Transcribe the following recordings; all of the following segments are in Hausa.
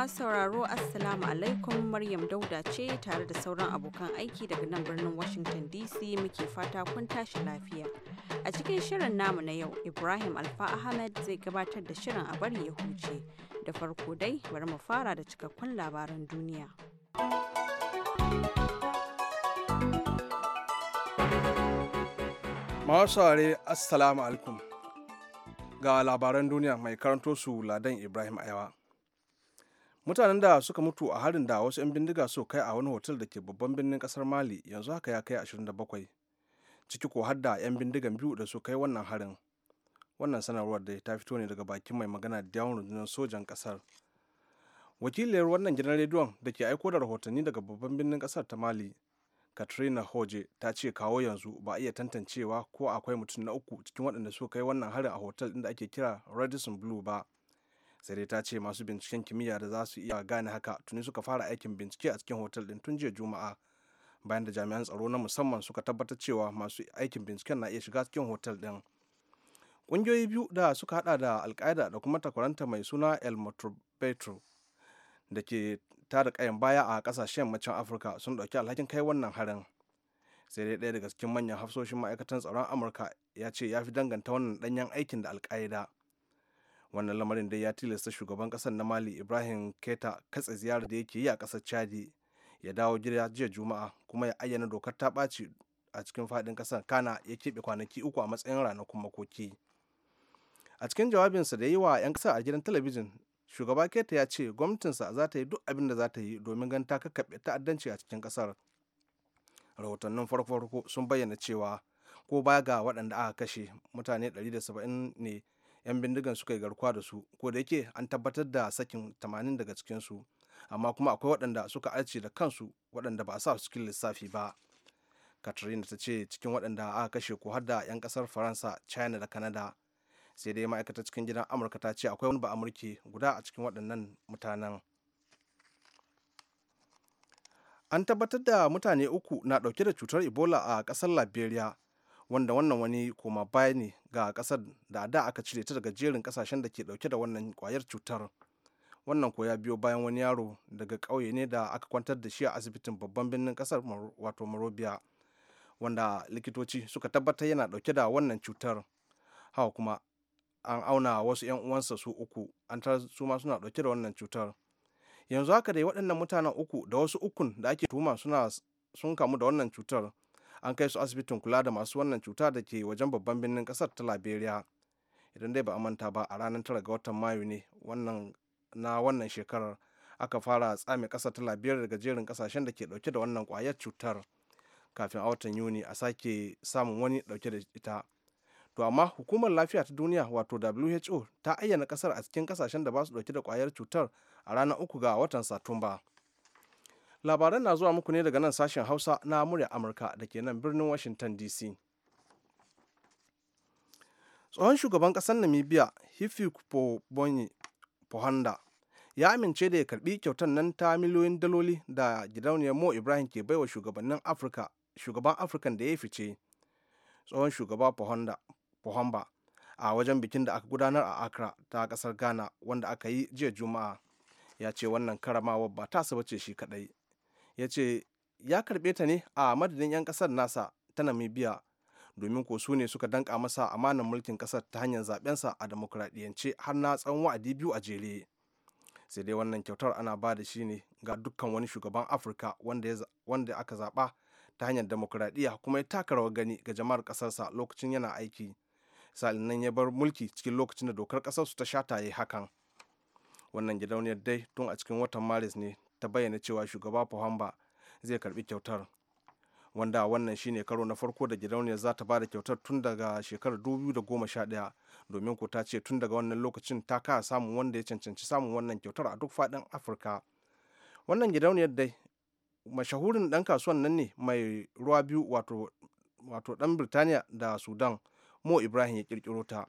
masu sauraro Assalamu alaikum Maryam Dauda ce tare da sauran abokan aiki daga nan birnin Washington DC muke fata kun tashi lafiya. A cikin shirin namu na yau, Ibrahim Alfa Ahmed zai gabatar da shirin a bari ya huce. Da farko dai bari mu fara da cikakkun labaran duniya. Mawasare Assalamu alaikum. Ga labaran duniya mai karanto su Ladan Ibrahim Ayawa. mutanen da suka mutu a harin da wasu 'yan bindiga su kai a wani hotel da ke babban birnin kasar mali yanzu haka ya kai 27 ciki ko har da 'yan bindigan biyu da su kai wannan harin wannan sanarwar da ta fito ne daga bakin mai magana da yawon rundunar sojan kasar wakiliyar wannan gidan rediyon da ke aiko da rahotanni daga babban birnin kasar ta mali katrina hoje ta ce kawo yanzu ba a iya tantancewa ko akwai mutum na uku cikin waɗanda suka kai wannan harin a hotel ɗin da ake kira radisson blue ba sai dai ta ce masu binciken kimiyya da za su iya gane haka tuni suka fara aikin bincike a cikin hotel din tun jiya juma'a bayan da jami'an tsaro na musamman suka tabbatar cewa masu aikin binciken na iya shiga cikin hotel din ƙungiyoyi biyu da suka hada da alƙaida da kuma takwaranta mai suna el motorbetro da ke tara kayan baya a kasashen yammacin afirka sun ɗauki alhakin kai wannan harin sai dai ɗaya daga cikin manyan hafsoshin ma'aikatan tsaron amurka ya ce ya fi danganta wannan ɗanyen aikin da alkaida wannan lamarin dai ya tilasta shugaban kasar na mali ibrahim keta katse ziyarar da yake yi a kasar chadi ya dawo gida jiya juma'a kuma ya ayyana dokar ta ɓaci a cikin fadin kasar kana ya keɓe kwanaki uku a matsayin ranakun makoki a cikin jawabinsa da ya yi wa 'yan kasa a gidan talabijin shugaba keta ya ce gwamnatinsa za ta yi duk abin da za ta yi domin gan ta kakkaɓe ta'addanci a cikin kasar rahotannin farko-farko sun bayyana cewa ko baya ga waɗanda aka kashe mutane 170 ne 'yan bindigan suka yi garkuwa da su ko da yake an tabbatar da sakin tamanin daga cikinsu amma kuma akwai waɗanda suka arce da kansu waɗanda ba a sa cikin lissafi ba katrina ta ce cikin waɗanda aka kashe ko har da 'yan ƙasar faransa china da canada sai dai ma'aikata cikin gidan amurka ta ce akwai wani ba amurke guda a cikin waɗannan mutanen an tabbatar da mutane uku na ɗauke da cutar ebola a ƙasar liberia wanda wannan wani koma baya ne ga kasar da a da aka cire ta daga jerin kasashen da ke dauke da wannan kwayar cutar wannan ko ya biyo bayan wani yaro daga ƙauye ne da aka kwantar da shi a asibitin babban birnin kasar wato marobiya wanda likitoci suka tabbatar yana dauke da wannan cutar hawa kuma an auna wasu 'yan uwansa su uku an tar su ma suna dauke da wannan cutar yanzu haka dai waɗannan mutanen uku da wasu ukun da ake tuma suna sun kamu da wannan cutar an kai su asibitin kula da masu wannan cuta da ke wajen babban birnin kasar ta liberia idan dai ba a manta ba a ranar tara ga watan mayu ne wannan na wannan shekarar aka fara tsame kasar ta liberia daga jerin kasashen da ke dauke da wannan kwayar cutar kafin a watan yuni a sake samun wani dauke da ita to amma hukumar lafiya ta duniya wato who ta ayyana kasar a cikin kasashen da ba su dauke da kwayar cutar a ranar uku ga watan satumba labaran na zuwa muku ne daga nan sashen hausa na murya amurka da ke nan birnin washington dc tsohon shugaban kasar namibia hifikubonyi pohanda ya amince da ya karbi kyautar nan ta miliyoyin daloli da gidauniyar mo ibrahim ke baiwa shugabannin afirka shugaban afirkan da ya fice tsohon shugaba pohamba a wajen bikin da aka gudanar a accra ta kasar ghana wanda aka yi jiya juma'a ya ce wannan karamawar ba ta saba ce shi kadai ya ce ya karɓe ta ne a madadin 'yan ƙasar nasa ta namibia domin ko su ne suka danka masa amanan mulkin ƙasar ta hanyar zaɓensa a demokuraɗiyance har na tsawon wa'adi biyu a jere sai dai wannan kyautar ana ba da shi ne ga dukkan wani shugaban afirka wanda aka zaɓa ta hanyar demokuraɗiyya kuma ya taka rawar gani ga jama'ar ƙasarsa lokacin yana aiki sa'ilin nan ya bar mulki cikin lokacin da dokar ƙasarsu ta shataye hakan wannan gidauniyar dai tun a cikin watan maris ne ta bayyana cewa shugaba Pohamba zai karbi kyautar. Wanda wannan shine karo na farko da gidauniyar za ta bada kyautar tun daga shekarar 2011 domin ko ta ce tun daga wannan lokacin ta kara samun wanda ya cancanci samun wannan kyautar a duk faɗin Afirka. Wannan gidauniyar dai mashahurin dan kasuwan nan ne mai ruwa biyu wato wato ɗan Birtaniya da Sudan Mo Ibrahim ya kirkiro ta.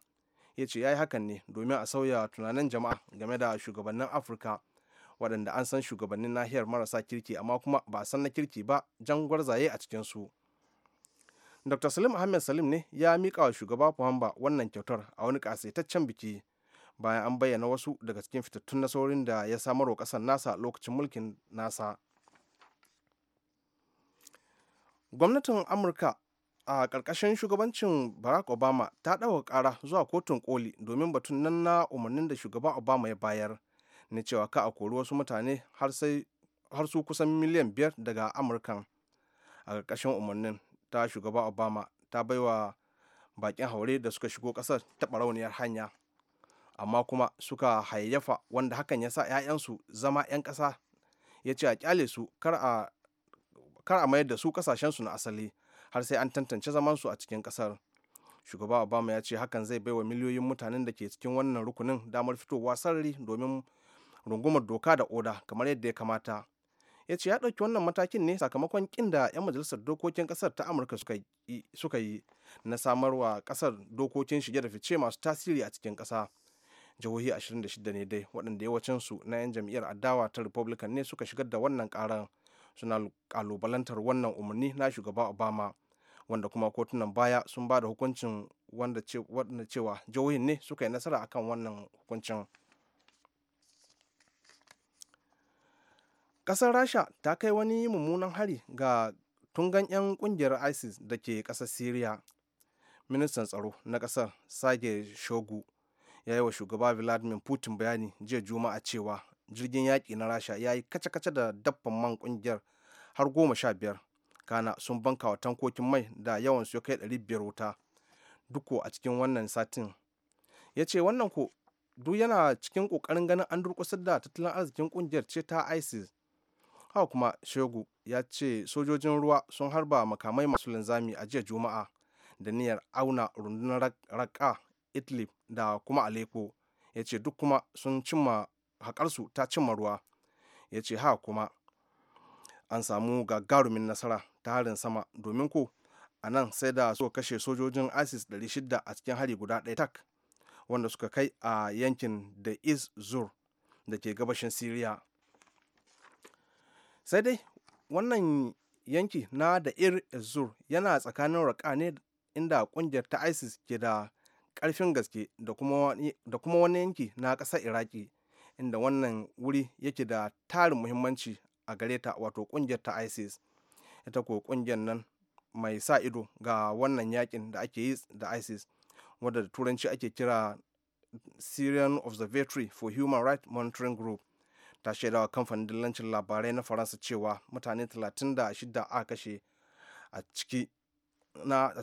Ya ce ya yi hakan ne domin a sauya tunanin jama'a game da shugabannin Afirka waɗanda an san shugabannin nahiyar marasa kirki amma kuma ba a san na kirki ba jan gwarzaye a cikinsu dr salim ahmed salim ne ya miƙa wa shugaba fuhamba wannan kyautar a wani ƙasaitaccen biki bayan an bayyana wasu daga cikin fitattun nasarorin da ya samar wa ƙasar nasa lokacin mulkin nasa gwamnatin amurka a ƙarƙashin shugabancin barack obama ta ɗauka ƙara zuwa kotun koli domin batun nan na umarnin da shugaba obama ya bayar na cewa ka a kori wasu mutane har su kusan miliyan biyar daga amurkan a ƙarƙashin umarnin ta shugaba obama ta baiwa bakin haure da suka shigo ƙasar ta ɓarauniyar hanya amma kuma suka hayayyafa wanda hakan ya sa 'ya'yansu zama 'yan ƙasa ya ce a kyale su kar a mayar da su ƙasashensu na asali har sai an tantance zamansu a cikin ƙasar shugaba obama ya ce hakan zai baiwa miliyoyin mutanen da ke cikin wannan rukunin damar fitowa sarari domin rungumar doka da oda kamar yadda ya kamata ya ce ya ɗauki wannan matakin ne sakamakon kin da 'yan majalisar dokokin kasar ta amurka suka yi na samarwa ƙasar dokokin shige da fice masu tasiri a cikin ƙasa jihohi 26 ne dai waɗanda su na 'yan jam'iyyar adawa ta republican ne suka shigar da wannan ƙaran suna kalubalantar wannan umarni na shugaba obama wanda kuma kotunan baya sun ba da hukuncin wanda cewa jihohin ne suka yi nasara akan wannan hukuncin. kasar rasha ta kai wani mummunan hari ga tungan 'yan ƙungiyar isis da ke kasar syria ministan tsaro na kasar sage shogu ya yi wa shugaba vladimir putin bayani jiya juma'a cewa jirgin yaƙi na rasha ya yi kace-kace da daffan man ƙungiyar har goma sha biyar kana sun banka wa tankokin mai da yawan su kai ɗari biyar wuta duko a cikin wannan satin ya ce wannan ko duk yana cikin ƙoƙarin ganin an durƙusar da tattalin arzikin ƙungiyar ce ta isis haka kuma shegu ya ce sojojin ruwa sun harba makamai masu linzami a jiya juma'a da niyyar auna rundunar raka idlib da kuma aleppo ya ce duk kuma sun cimma haƙarsu ta cimma ruwa ya ce haka kuma an samu gagarumin nasara ta harin sama domin ko a nan sai da suka kashe sojojin isis 600 a cikin hari guda ɗaya tak wanda suka kai a yankin da is zur da ke gabashin syria sai dai wannan yanki na da ir zor yana tsakanin raƙa ne inda kungiyar ta isis ke da ƙarfin gaske da kuma wani yanki na ƙasar iraki inda wannan wuri yake da tarin muhimmanci a gare ta wato ƙungiyar ta isis ita ko ƙungiyar nan mai sa ido ga wannan yakin da ake yi da isis wadda da turanci ake kira syrian observatory for human rights monitoring group ta shaidawa kamfanin dillancin labarai na faransa cewa mutane 36 aka kashe a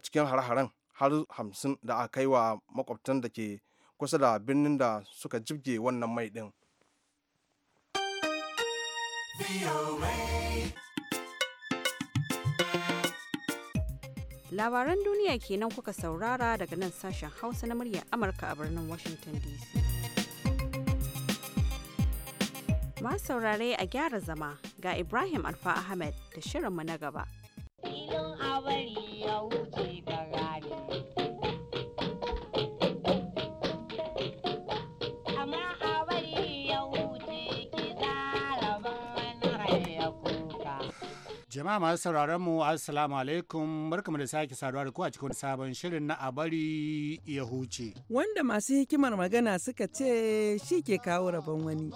cikin har-haren har 50 da aka kai wa makwabtan da ke kusa da birnin da suka jibge wannan mai din. Labaran duniya kenan kuka saurara daga nan sashen Hausa na muryar Amurka a birnin Washington DC. Ma saurare a gyara zama ga Ibrahim Alfa Ahmed da shirinmu na gaba. Jama'a masu sauraron mu Assalamu alaikum barkamu da sake saduwa da ku a cikin sabon shirin na abari ya huce. Wanda masu hikimar magana suka ce shi ke kawo rabon wani.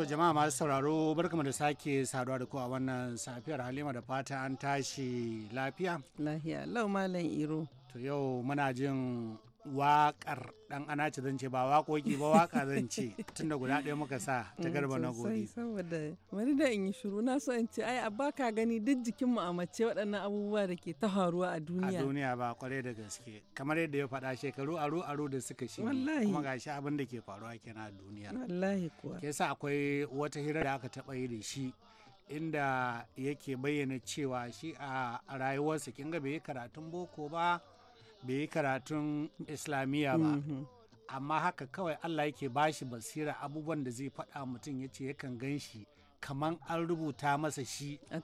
To jama'a masu sauraro barkamu da sake saduwa da ku a wannan safiyar Halima da fata an tashi lafiya. Lafiya, lau malam Iro. To yau muna jin wakar ɗan ana ce zan ce ba waƙoƙi ba waka zan ce tunda guda ɗaya muka sa ta mm, garba na gobe. saboda wani da in yi shiru na so in ce ai abba ka gani duk jikin mu a mace waɗannan abubuwa da ke ta faruwa a duniya. a duniya ba kware da gaske kamar yadda ya faɗa shekaru aro aro da suka shi kuma ga shi abin da ke faruwa kenan a duniya. wallahi kuwa. ke sa akwai wata hira da aka taɓa yi da shi inda yake bayyana cewa shi a rayuwarsa kin ga bai karatun boko ba bai yi karatun islamiyya ba mhm. amma haka kawai allah yake bashi basira abubuwan da zai faɗa mutum ya ce yakan gan shi kamar an rubuta masa shi a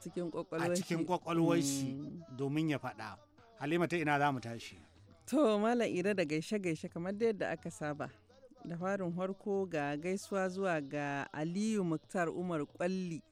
cikin kwakwalwar shi mm. domin ya faɗa halima ta ina za mu tashi to malam ira da gaishe-gaishe kamar da yadda aka saba da farin harko ga gaisuwa zuwa ga aliyu muktar umar kwalli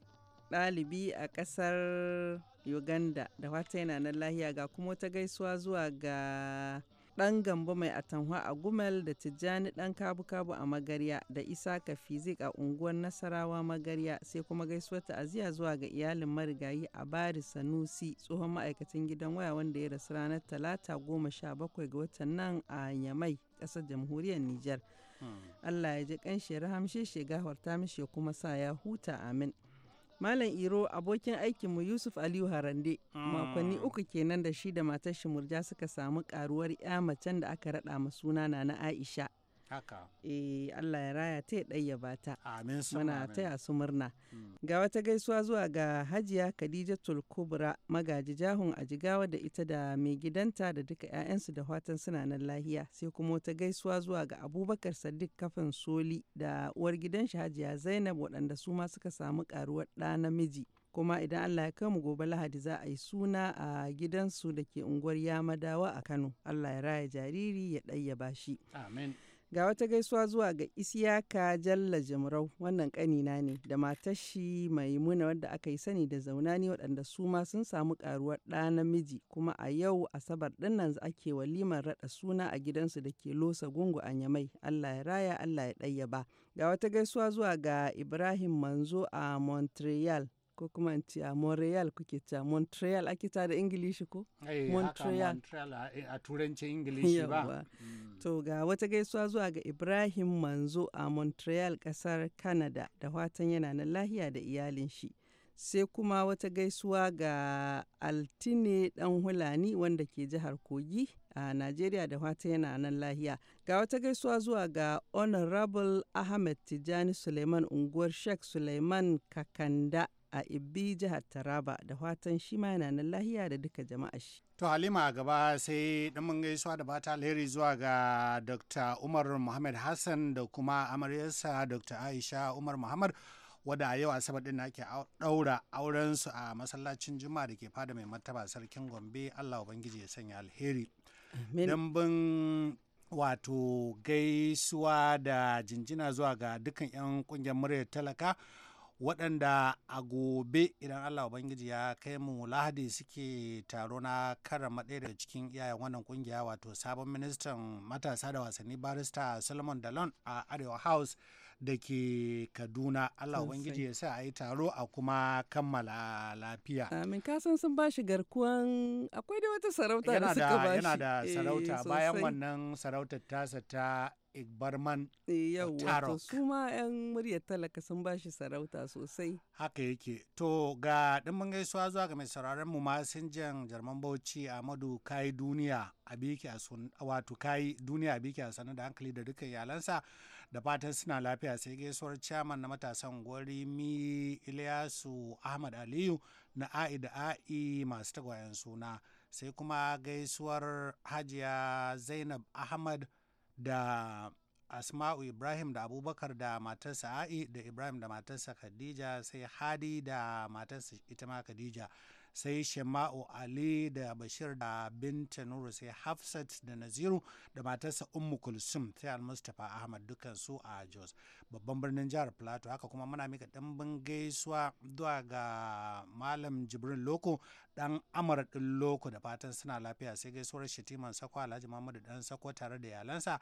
ɗalibi a ƙasar Uganda da wata yana nan lahiya ga kuma wata gaisuwa zuwa ga ɗan gambo mai atanwa a gumel da tijjani ɗan kabu-kabu a magarya da isa fizik a unguwar nasarawa magarya sai kuma gaisuwar ta'aziyya zuwa ga iyalin marigayi a bari sanusi tsohon ma'aikacin gidan waya wanda ya rasu ranar talata goma sha bakwai ga watan nan a yamai ƙasar jamhuriyar nijar hmm. allah ya ji ƙanshi rahamshe shi gafarta mishi kuma sa ya huta amin Malam Iro abokin aikinmu Yusuf Aliyu Harande ah. makonni uku kenan da shi da matar shi murja suka samu karuwar 'ya macen da aka raɗa ma suna na Aisha haka eh Allah ya raya ta ya ba ta amin su ta taya su murna mm. ga wata gaisuwa zuwa ga Hajiya Khadija Tulkubra magaji jahun a jigawa da ita da mai gidanta da duka ya'yansu da fatan suna nan lahiya sai kuma wata gaisuwa zuwa ga Abubakar Sadiq kafin Soli da uwar gidan shi Hajiya Zainab waɗanda su ma suka samu karuwar ɗa namiji kuma idan Allah ya kai mu gobe Lahadi za a yi suna a gidansu da ke unguwar Yamadawa a Kano. Allah ya raya jariri ya ɗayyaba shi. Amen. Ga wata gaisuwa zuwa ga Isiyaka Jalla Jimrau wannan kanina ne da matashi shi Maimuna wadda aka yi sani da zauna ne waɗanda su ma sun samu karuwar ɗa namiji kuma a yau Asabar ɗinnan ake walimar raɗa suna a gidansu da ke Losa Gungu a Nyamai. Allah ya raya Allah ya ɗayyaba. Ga wata gaisuwa zuwa ga Ibrahim Manzo a Montreal ko kuma in ce a Montreal kuke a Montreal ake ta da Ingilishi ko? Eh, Montreal. a eh, turancin Ingilishi ba. Mm. To ga wata gaisuwa zuwa ga Ibrahim Manzo a Montreal kasar Canada da watan yana na lahiya da iyalin shi. Sai kuma wata gaisuwa ga Altine Dan Hulani wanda ke jihar Kogi a Najeriya da watan yana nan lahiya. Ga wata gaisuwa zuwa ga Honorable Ahmed Tijani Suleiman unguwar Sheikh Suleiman Kakanda a Ibbi jihar Taraba da fatan shi ma yana nan lahiya da duka jama'a shi. To Halima a gaba sai dan mun gaisuwa da bata alheri zuwa ga Dr. Umar Muhammad Hassan da kuma amaryarsa Dr. Aisha Umar Muhammad wadda a yau asabar din ake daura auren su a masallacin juma da ke fada mai martaba sarkin gombe allah ubangiji ya sanya alheri dan wato gaisuwa da jinjina zuwa ga dukkan 'yan kungiyar muryar talaka waɗanda a gobe idan allah ubangiji ya kai mu lahadi suke taro na karama ɗaya daga cikin iyayen wannan kungiya wato sabon ministan matasa da wasanni barista solomon dalon a arewa house da ke kaduna allah ubangiji ya sa a yi taro a kuma kammala lafiya amin kasan sun ba shi garkuwan akwai da wata sarauta da suka ba shi yana da sarauta eh, bayan wannan sarautar tasa ta igbarman eh, Taro. su ma 'yan muryar talaka sun ba shi sarauta sosai haka yake to ga ɗimbin gaisuwa zuwa ga mai sauraron mu jan jarman bauchi amadu kayi duniya a biki a sun wato kayi duniya a biki a sanu da hankali da dukkan iyalansa da fatan suna lafiya sai gaisuwar chairman na matasan gwari mi Ilyasu ahmad aliyu na a'i da a'i masu tagwayen suna sai kuma gaisuwar hajiya zainab ahmad da asma'u ibrahim da abubakar da matarsa a'i da ibrahim da matarsa khadija sai hadi da matarsa ita ma khadija sai shema'u ali da bashir da binta nuru sai hafsat da naziru da matarsa ummu kulsum sai almustapha ahmad dukan su a jos babban birnin jihar plateau haka kuma muna mika ɗimbin gaisuwa zuwa ga malam jibrin loko dan amar ɗin loko da fatan suna lafiya sai gaisuwar shitiman sako alhaji muhammadu dan sako tare da yalansa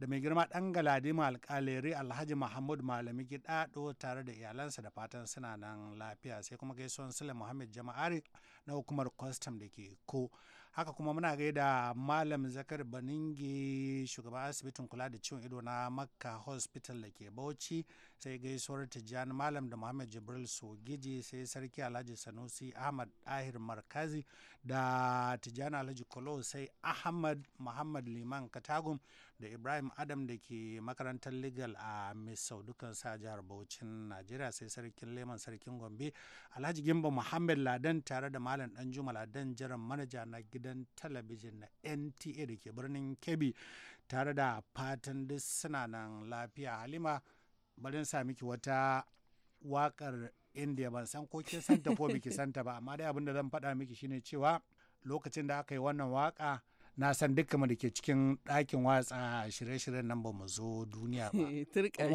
da mai girma ɗan galadima alƙaleri alhaji mahmud malami gidado tare da iyalansa da fatan suna nan lafiya sai kuma gaisuwan sule muhammad jama'ari na hukumar kwastam da ke ko haka kuma muna gaida malam zakar baningi shugaban asibitin kula da ciwon ido na makka hospital da ke bauchi sai gaisuwar tijjani malam da muhammad jibril sogiji sai sarki alhaji sanusi ahmad ahir markazi da tijjani alhaji kolo sai ahmad muhammad liman katagum da ibrahim adam da ke makarantar legal a misau dukan sa jihar bauchin najeriya sai sarkin leman sarkin gombe alhaji gimba muhammad ladan tare da malam dan juma ladan jiran manaja na gidan talabijin na nta da ke birnin kebbi tare da fatan duk suna nan lafiya halima bari sa miki wata wakar indiya ban san ko kin santa ko biki santa ba amma dai abin da zan faɗa miki shine cewa lokacin da aka yi wannan waka na san dukkan da ke cikin ɗakin watsa shirye-shiryen nan ba mu zo duniya ba.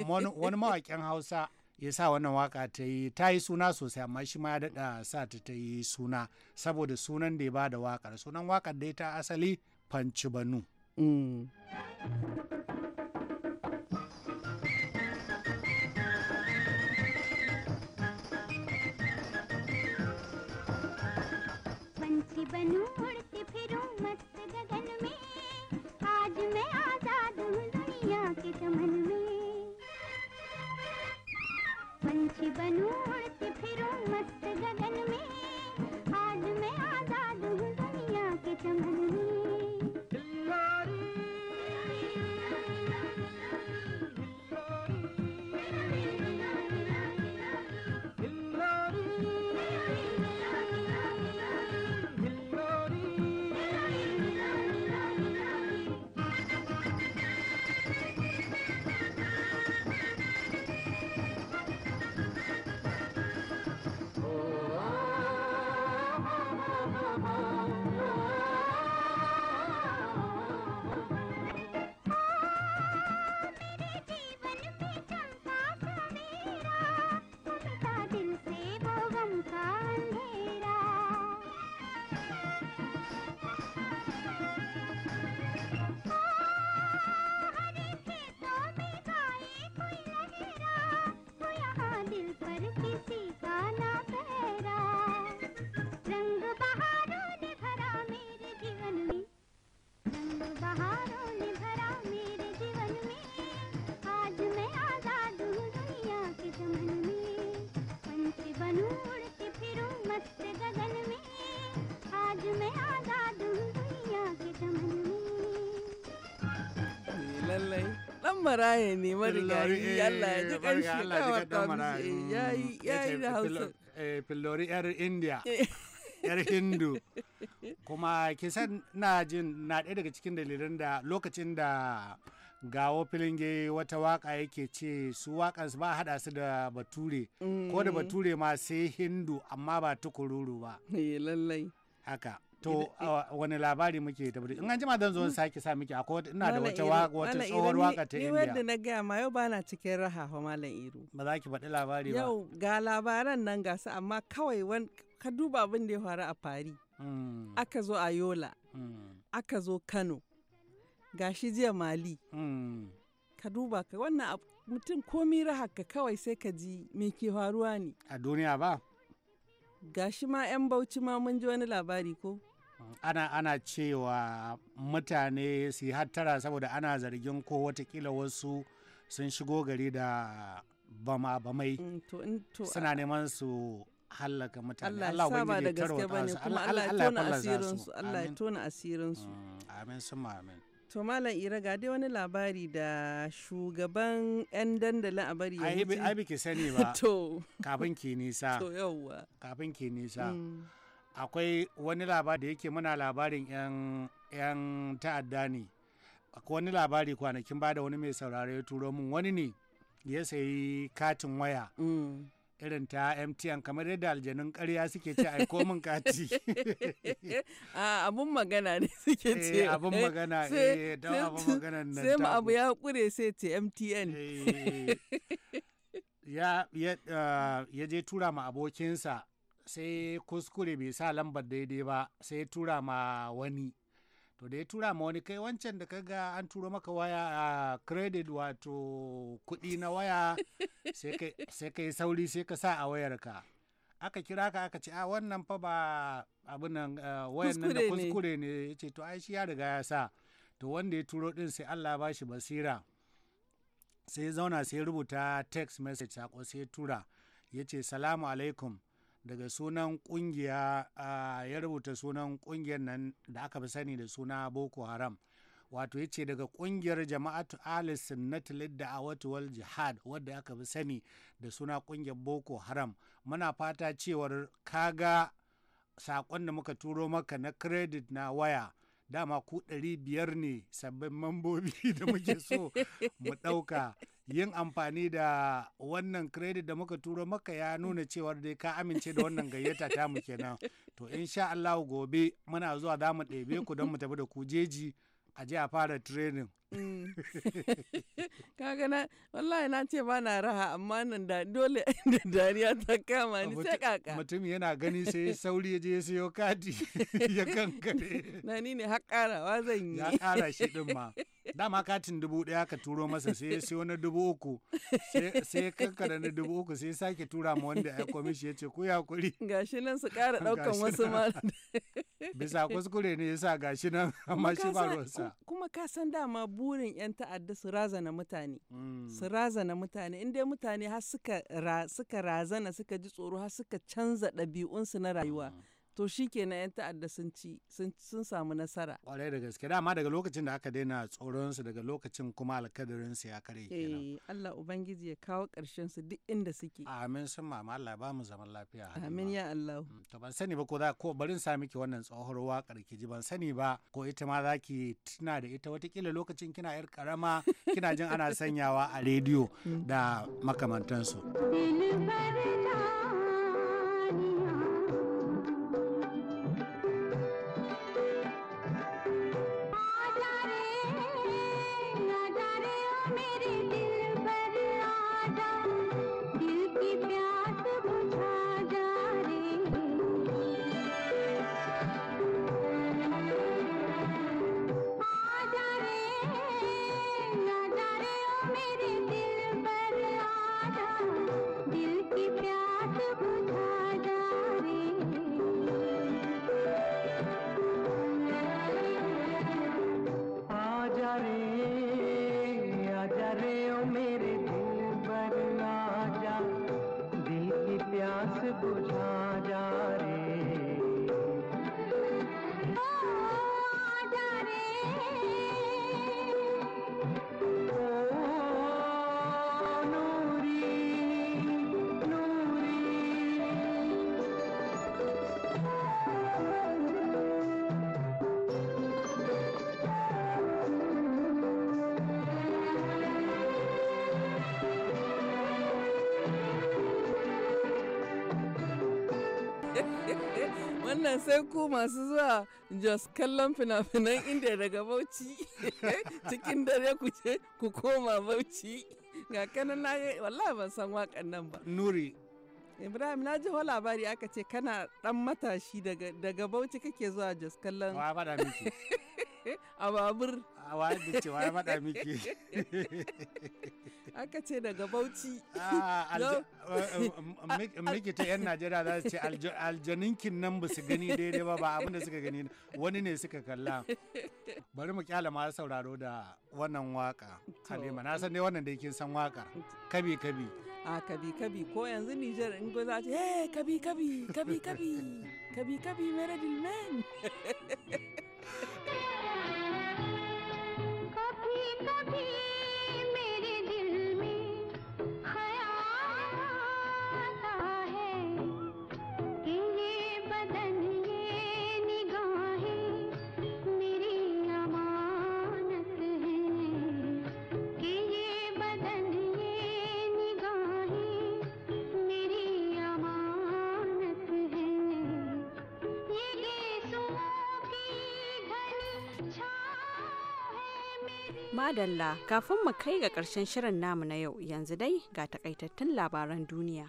Wani mawaƙin Hausa ya sa wannan waka ta yi ta yi suna sosai amma shi ma ya daɗa sa ta ta yi suna saboda sunan da ya ba da wakar sunan wakar dai ta asali fanci banu. Mm. Fanci banu लगन में आज मैं आजाद हूँ दुनिया के चमन में पंछी बनूं dan maraya ne marigayi eh, Allah ya ji ƙanshi kawar ta mm, ya yi da hausa eh, fillori yar india yar hindu kuma kisan na jin na ɗaya daga cikin dalilin da lokacin da gawo filinge wata waka yake ce su wakansu ba hada su da bature ko da mm. bature ma sai hindu amma ba tukururu ba eh, lallai haka to wani labari muke ta in an jima dan zo sake sa miki akwai ina da wata wata tsohuwar waka ta Indiya. ni wanda na ga ma yau bana cikin raha fa malam Iru ba za ki faɗi labari ba yau ga labaran nan ga su amma kawai wan ka duba abin da ya faru a Fari hmm. aka zo a Yola hmm. aka zo Kano Ga shi jiya Mali hmm. ka duba ka wannan mutum komi raha ka kawai sai ka ji me ke faruwa ne a duniya ba gashi ma 'yan bauchi ma mun ji wani labari ko ana ana cewa mutane su yi hattara saboda ana zargin ko watakila wasu sun shigo gari da bama bamai mm, suna neman su hallaka mutane Allah saba da gaske bane kuma Allah ya tona asirin su Allah ya tona asirin su mm, amin sun amin to malam ira ga dai wani labari da shugaban yan dandalin a bari ai biki sani ba to kafin ki nisa to yawwa kafin ki nisa mm. akwai wani labari da yake muna labarin 'yan ta'adda ne akwai wani labari kwanakin ba da wani mai saurare ya turo mun wani ne ya sayi katin waya mm. irin ta mtn kamar yadda aljanun karya suke ce aiko min kati ah, abun magana ne suke ce eh, abun magana eh don abun magana nan sai mu abu ya kure sai ce mtn eh. ah, ya je tura ma abokinsa sai kuskure bai sa lambar daidai ba sai tura ma wani to da ya tura ma wani kai wancan da kaga an turo maka waya a credit wato kudi na waya sai ka yi sauri sai ka sa a wayarka aka kira ka aka ce a wannan fa ba abinan wayan nan da kuskure ne ya ce to ai shi ya riga ya sa to wanda ya turo din sai Allah ba shi basira sai zauna sai rubuta text message sako sai ya tura ya ce salamu alaikum daga sunan kungiya ya rubuta sunan kungiyar nan da aka fi sani da suna boko haram wato ya ce daga kungiyar jama'atu na sunnatul a wal jihad wadda aka fi sani da suna kungiyar boko haram muna fata cewar kaga sakon da muka turo maka na credit na waya dama ku ɗari biyar ne sabbin mambobi da muke so mu ɗauka yin amfani da wannan credit da muka turo maka ya nuna cewar dai ka amince da wannan gayyata ta mu kenan to insha Allah gobe muna zuwa za mu ɗebe ku don mu tafi da kujeji a je a fara training Mm. kaga na wallahi na ce ba na raha amma nan da dole da dariya ta kama ni sai kaka mutum yana gani sai sauri je ya sayo kati ya kankare na ni ne har karawa zan yi ya kara shi din ma dama katin dubu daya ka turo masa sai ya sayo na dubu uku sai kankara na dubu uku sai sake tura ma wanda ya komishi ya ce ku ya kuri gashi nan su kara daukan wasu ma bisa kuskure ne yasa gashi nan amma shi ba ruwansa kuma ka san dama burin 'yan ta'adda su razana mutane mm. su razana mutane in dai mutane har suka razana suka ji tsoro har suka canza ɗabi'unsu na rayuwa ah. to shi na 'yan ta'adda sun ci sun samu nasara kwarai da gaske dama daga lokacin da aka daina tsoronsu daga lokacin kuma alkadarinsu ya kare eh, kenan Allah ubangiji ya kawo karshen su duk inda suke amin sun mama Allah ba mu zaman lafiya amin ya Allah mm, to ban sani ba ko za ko barin sa miki wannan tsohon waƙar ki ji ban sani ba ko ita ma za ki tuna da ita watakila lokacin kina yar karama kina jin ana sanyawa a rediyo da makamantansu. Bilbar wannan sai ku masu zuwa jos kallon fina-finan inda daga bauchi cikin dare ku ce ku koma bauchi ga kanan na wallahi ban san wakan nan ba nuri ibrahim na ji labari aka ce kana dan matashi daga bauchi kake zuwa jos kallon wa miki a babur a wa da ce wa miki aka ce daga bauchi miki ta yan najeriya za su ce aljaninkin nan ba su gani daidai ba ba abin da suka gani wani ne suka kalla bari mu kyala ma sauraro da wannan waka halima na san dai wannan da kin san wakar kabi kabi a ah, kabi kabi ko yanzu nijar in za ta eh, kabi kabi kabi kabi kabi kabi meradil man Madalla kafin mu kai ga ƙarshen shirin namu na yau yanzu dai ga takaitattun labaran duniya.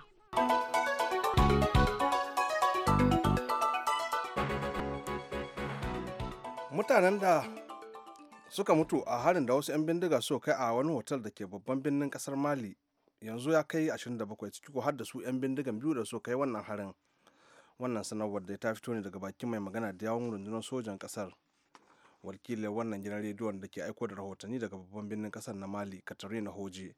Mutanen da suka mutu a harin da wasu 'yan bindiga so kai a wani hotel da ke babban birnin kasar Mali yanzu ya kai 27 ciki ko har da su 'yan bindigan biyu da so kai wannan harin. Wannan sanarwar da ta fito ne daga bakin mai magana da yawon rundunar sojan kasar wakilin wannan gidan rediyon da ke aiko da rahotanni daga babban birnin kasar na mali katarina hoje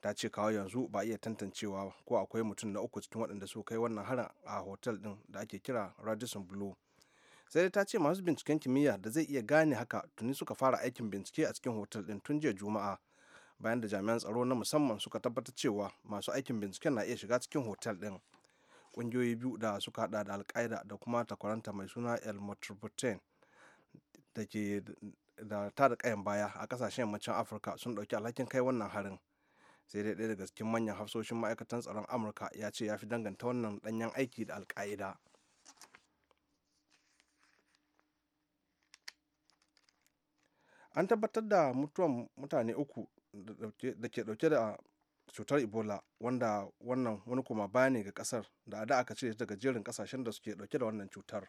ta ce kawo yanzu ba iya tantancewa ko akwai mutum na uku cikin waɗanda su kai wannan harin a hotel ɗin da ake kira radisson blue sai dai ta ce masu binciken kimiyya da zai iya gane haka tuni suka fara aikin bincike a cikin hotel ɗin tun jiya juma'a bayan da jami'an tsaro na musamman suka tabbatar cewa masu aikin binciken na iya shiga cikin hotel ɗin ƙungiyoyi biyu da suka hada da alkaida da kuma takwaranta mai suna el motributin da ke da ta da kayan baya a kasashen yammacin afirka sun ɗauki alhakin kai wannan harin sai dai daya daga cikin manyan hafsoshin ma'aikatan tsaron amurka ya ce ya fi danganta wannan danyen aiki da alka'ida an tabbatar da mutuwan mutane uku da ke dauke da cutar ebola wanda wannan wani kuma baya ne ga kasar da a aka cire daga jerin kasashen da suke dauke da wannan cutar